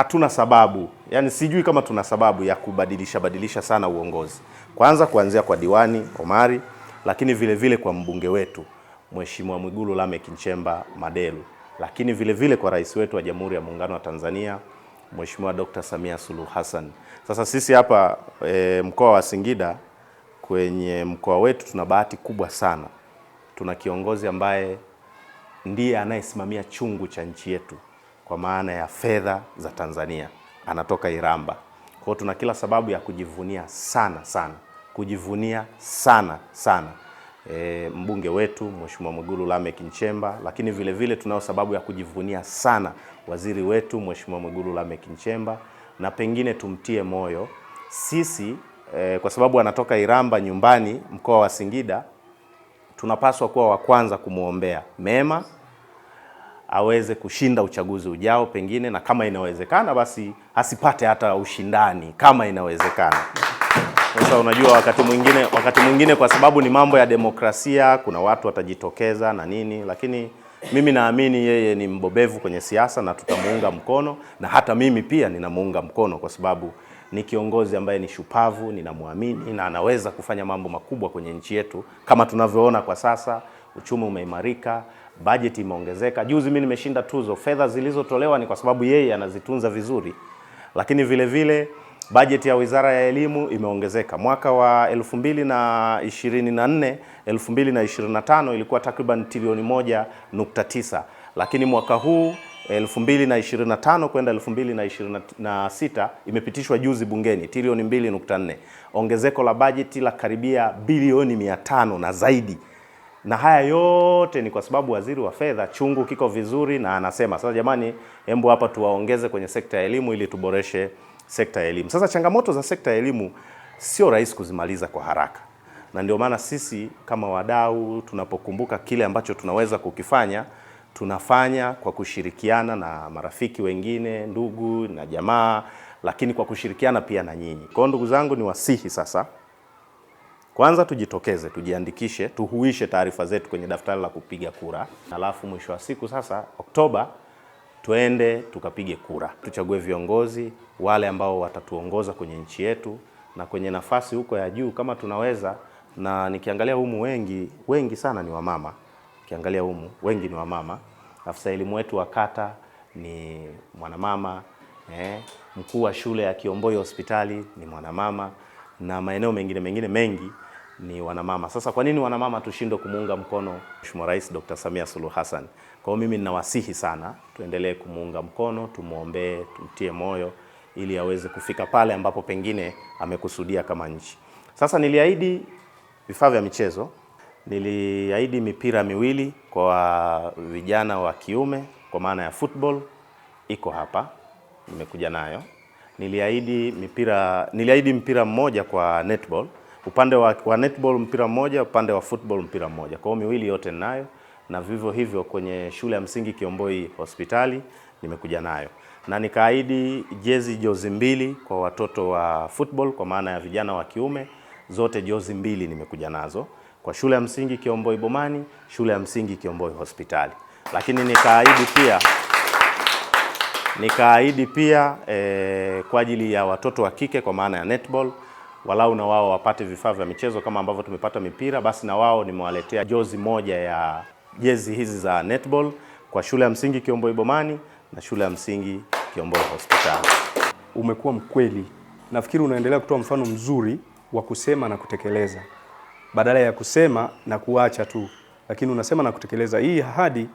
hatuna sababu, yani sijui kama tuna sababu ya kubadilisha badilisha sana uongozi, kwanza kuanzia kwa diwani Omari, lakini vile vile kwa mbunge wetu Mheshimiwa Mwigulu Lameck Nchemba Madelu, lakini vile vile kwa rais wetu wa Jamhuri ya Muungano wa Tanzania Mheshimiwa Dr. Samia Suluhu Hassan. Sasa sisi hapa e, mkoa wa Singida kwenye mkoa wetu tuna bahati kubwa sana, tuna kiongozi ambaye ndiye anayesimamia chungu cha nchi yetu kwa maana ya fedha za Tanzania, anatoka Iramba. Kwa hiyo tuna kila sababu ya kujivunia sana sana, kujivunia sana sana e, mbunge wetu Mheshimiwa Mwigulu Lameck Nchemba, lakini vile vile tunayo sababu ya kujivunia sana waziri wetu Mheshimiwa Mwigulu Lameck Nchemba, na pengine tumtie moyo sisi e, kwa sababu anatoka Iramba nyumbani mkoa wa Singida, tunapaswa kuwa wa kwanza kumwombea mema aweze kushinda uchaguzi ujao pengine, na kama inawezekana basi asipate hata ushindani kama inawezekana. Sasa unajua, wakati mwingine wakati mwingine kwa sababu ni mambo ya demokrasia, kuna watu watajitokeza na nini, lakini mimi naamini yeye ni mbobevu kwenye siasa na tutamuunga mkono, na hata mimi pia ninamuunga mkono kwa sababu ni kiongozi ambaye ni shupavu, ninamwamini na anaweza kufanya mambo makubwa kwenye nchi yetu, kama tunavyoona kwa sasa uchumi umeimarika, budget imeongezeka. Juzi mimi nimeshinda tuzo, fedha zilizotolewa ni kwa sababu yeye anazitunza vizuri, lakini vile vile bajeti ya Wizara ya Elimu imeongezeka. Mwaka wa 2024 2025 ilikuwa takriban trilioni 1.9, lakini mwaka huu 2025 kwenda 2026 imepitishwa juzi bungeni trilioni 2.4, ongezeko la bajeti la karibia bilioni 500 na zaidi na haya yote ni kwa sababu waziri wa fedha chungu kiko vizuri na anasema sasa, jamani, hembu hapa tuwaongeze kwenye sekta ya elimu ili tuboreshe sekta ya elimu. Sasa changamoto za sekta ya elimu sio rahisi kuzimaliza kwa haraka, na ndio maana sisi kama wadau tunapokumbuka kile ambacho tunaweza kukifanya tunafanya kwa kushirikiana na marafiki wengine, ndugu na jamaa, lakini kwa kushirikiana pia na nyinyi. Kwa hiyo ndugu zangu, ni wasihi sasa kwanza tujitokeze, tujiandikishe, tuhuishe taarifa zetu kwenye daftari la kupiga kura, alafu mwisho wa siku sasa, Oktoba tuende tukapige kura, tuchague viongozi wale ambao watatuongoza kwenye nchi yetu na kwenye nafasi huko ya juu kama tunaweza. Na nikiangalia humu wengi wengi sana ni wamama, nikiangalia humu wengi ni wamama. Afisa elimu wetu wa kata ni mwanamama eh, mkuu wa shule ya Kiomboyo hospitali ni mwanamama na maeneo mengine mengine mengi ni wanamama. Sasa kwa nini wanamama tushindwe kumuunga mkono Mheshimiwa Rais Dr. Samia Suluhu Hassan? Kwa hiyo mimi ninawasihi sana tuendelee kumuunga mkono, tumwombee, tumtie moyo ili aweze kufika pale ambapo pengine amekusudia kama nchi. Sasa niliahidi vifaa vya michezo, niliahidi mipira miwili kwa vijana wa kiume kwa maana ya football iko hapa, nimekuja nayo. Niliahidi mipira, niliahidi mpira mmoja kwa netball upande wa, wa netball mpira mmoja, upande wa football mpira mmoja. Kwa hiyo miwili yote ninayo, na vivyo hivyo kwenye shule ya msingi Kiomboi hospitali nimekuja nayo na nikaahidi jezi jozi mbili kwa watoto wa football kwa maana ya vijana wa kiume, zote jozi mbili nimekuja nazo kwa shule ya msingi Kiomboi Bomani, shule ya msingi Kiomboi hospitali. Lakini nikaahidi pia nikaahidi pia e, kwa ajili ya watoto wa kike kwa maana ya netball walau na wao wapate vifaa vya michezo kama ambavyo tumepata mipira, basi na wao nimewaletea jozi moja ya jezi hizi za netball kwa shule ya msingi Kiomboi Bomani na shule ya msingi Kiomboi Hospitali. Umekuwa mkweli, nafikiri unaendelea kutoa mfano mzuri wa kusema na kutekeleza badala ya kusema na kuacha tu, lakini unasema na kutekeleza. Hii ahadi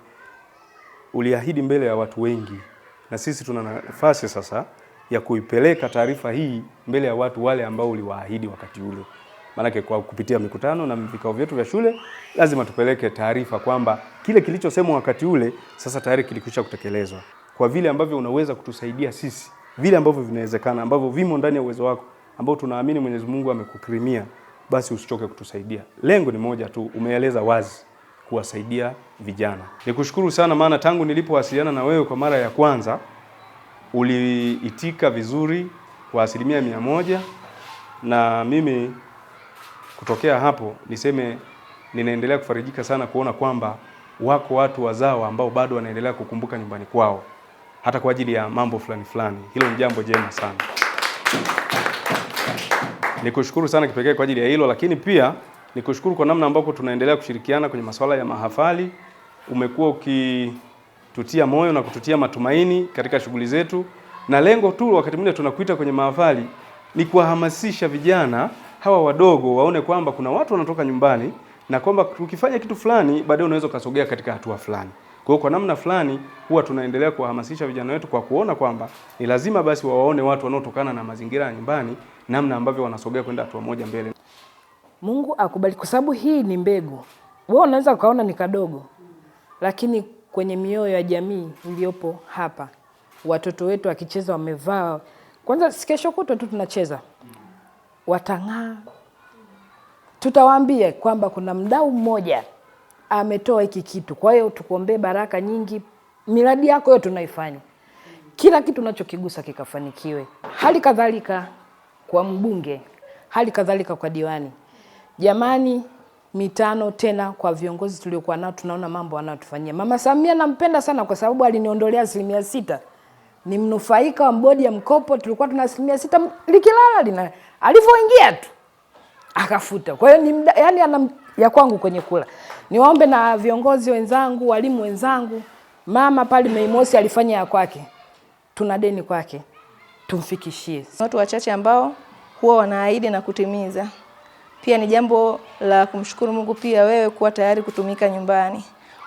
uliahidi mbele ya watu wengi, na sisi tuna nafasi sasa ya kuipeleka taarifa hii mbele ya watu wale ambao uliwaahidi wakati ule. Maanake kwa kupitia mikutano na vikao vyetu vya shule lazima tupeleke taarifa kwamba kile kilichosemwa wakati ule sasa tayari kilikwisha kutekelezwa, kwa vile ambavyo unaweza kutusaidia sisi, vile ambavyo vinawezekana, ambavyo vimo ndani ya uwezo wako, ambao tunaamini Mwenyezi Mungu amekukirimia, basi usichoke kutusaidia. Lengo ni moja tu, umeeleza wazi, kuwasaidia vijana. Nikushukuru sana, maana tangu nilipowasiliana na wewe kwa mara ya kwanza uliitika vizuri kwa asilimia mia moja, na mimi kutokea hapo niseme ninaendelea kufarijika sana kuona kwamba wako watu wazawa ambao bado wanaendelea kukumbuka nyumbani kwao hata kwa ajili ya mambo fulani fulani. Hilo ni jambo jema sana, nikushukuru sana kipekee kwa ajili ya hilo, lakini pia nikushukuru kwa namna ambako tunaendelea kushirikiana kwenye masuala ya mahafali. Umekuwa uki kututia moyo na kututia matumaini katika shughuli zetu, na lengo tu wakati mwingine tunakuita kwenye mahafali ni kuwahamasisha vijana hawa wadogo waone kwamba kuna watu wanatoka nyumbani na kwamba ukifanya kitu fulani baadaye unaweza ukasogea katika hatua fulani. Kwa hiyo kwa namna fulani huwa tunaendelea kuwahamasisha vijana wetu kwa kuona kwamba ni lazima basi wawaone watu wanaotokana na mazingira ya nyumbani namna ambavyo wanasogea kwenda hatua moja mbele. Mungu akubali, kwa sababu hii ni mbegu. Wewe unaweza ukaona ni kadogo, lakini kwenye mioyo ya jamii iliyopo hapa. Watoto wetu wakicheza wamevaa, kwanza sikesho kutwa tu tunacheza, watang'aa. Tutawaambia kwamba kuna mdau mmoja ametoa hiki kitu, kwa hiyo tukuombee baraka nyingi, miradi yako yote tunaifanya, kila kitu unachokigusa kikafanikiwe. Hali kadhalika kwa mbunge, hali kadhalika kwa diwani. Jamani, mitano tena kwa viongozi tuliokuwa nao, tunaona mambo anatufanyia. Mama Samia nampenda sana kwa sababu aliniondolea asilimia sita, ni mnufaika wa bodi ya mkopo. Tulikuwa tuna asilimia sita likilala lina, alivyoingia tu akafuta. Kwa hiyo ni yani, ana ya kwangu kwenye kula. Niwaombe na viongozi wenzangu, walimu wenzangu, mama pale Mei Mosi alifanya ya kwake, tuna deni kwake, tumfikishie. Watu wachache ambao huwa wanaahidi na kutimiza. Pia ni jambo la kumshukuru Mungu pia wewe kuwa tayari kutumika nyumbani.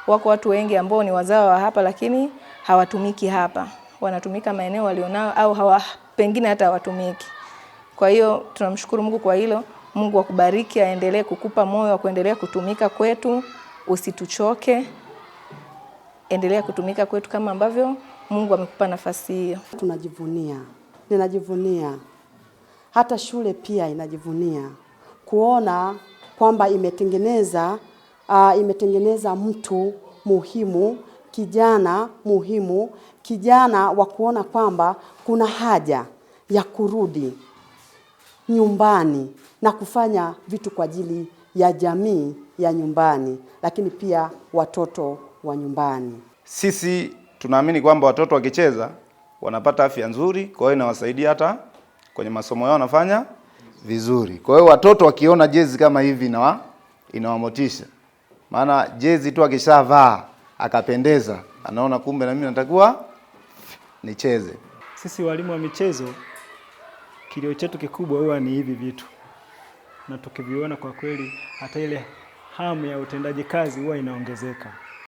Wako watu wengi ambao ni wazawa wa hapa lakini hawatumiki hapa, wanatumika maeneo walionao au hawa, pengine hata hawatumiki. Kwa hiyo tunamshukuru Mungu kwa hilo. Mungu akubariki, aendelee kukupa moyo wa kuendelea kutumika kwetu, usituchoke, endelea kutumika kwetu kama ambavyo Mungu amekupa nafasi hiyo. Tunajivunia, ninajivunia, hata shule pia inajivunia kuona kwamba imetengeneza uh, imetengeneza mtu muhimu, kijana muhimu, kijana wa kuona kwamba kuna haja ya kurudi nyumbani na kufanya vitu kwa ajili ya jamii ya nyumbani, lakini pia watoto wa nyumbani. Sisi tunaamini kwamba watoto wakicheza wanapata afya nzuri, kwa hiyo inawasaidia hata kwenye masomo yao wanafanya vizuri. Kwa hiyo watoto wakiona jezi kama hivi inawa inawamotisha, maana jezi tu akishavaa akapendeza, anaona kumbe na mimi natakiwa nicheze. Sisi walimu wa michezo, kilio chetu kikubwa huwa ni hivi vitu, na tukiviona kwa kweli, hata ile hamu ya utendaji kazi huwa inaongezeka.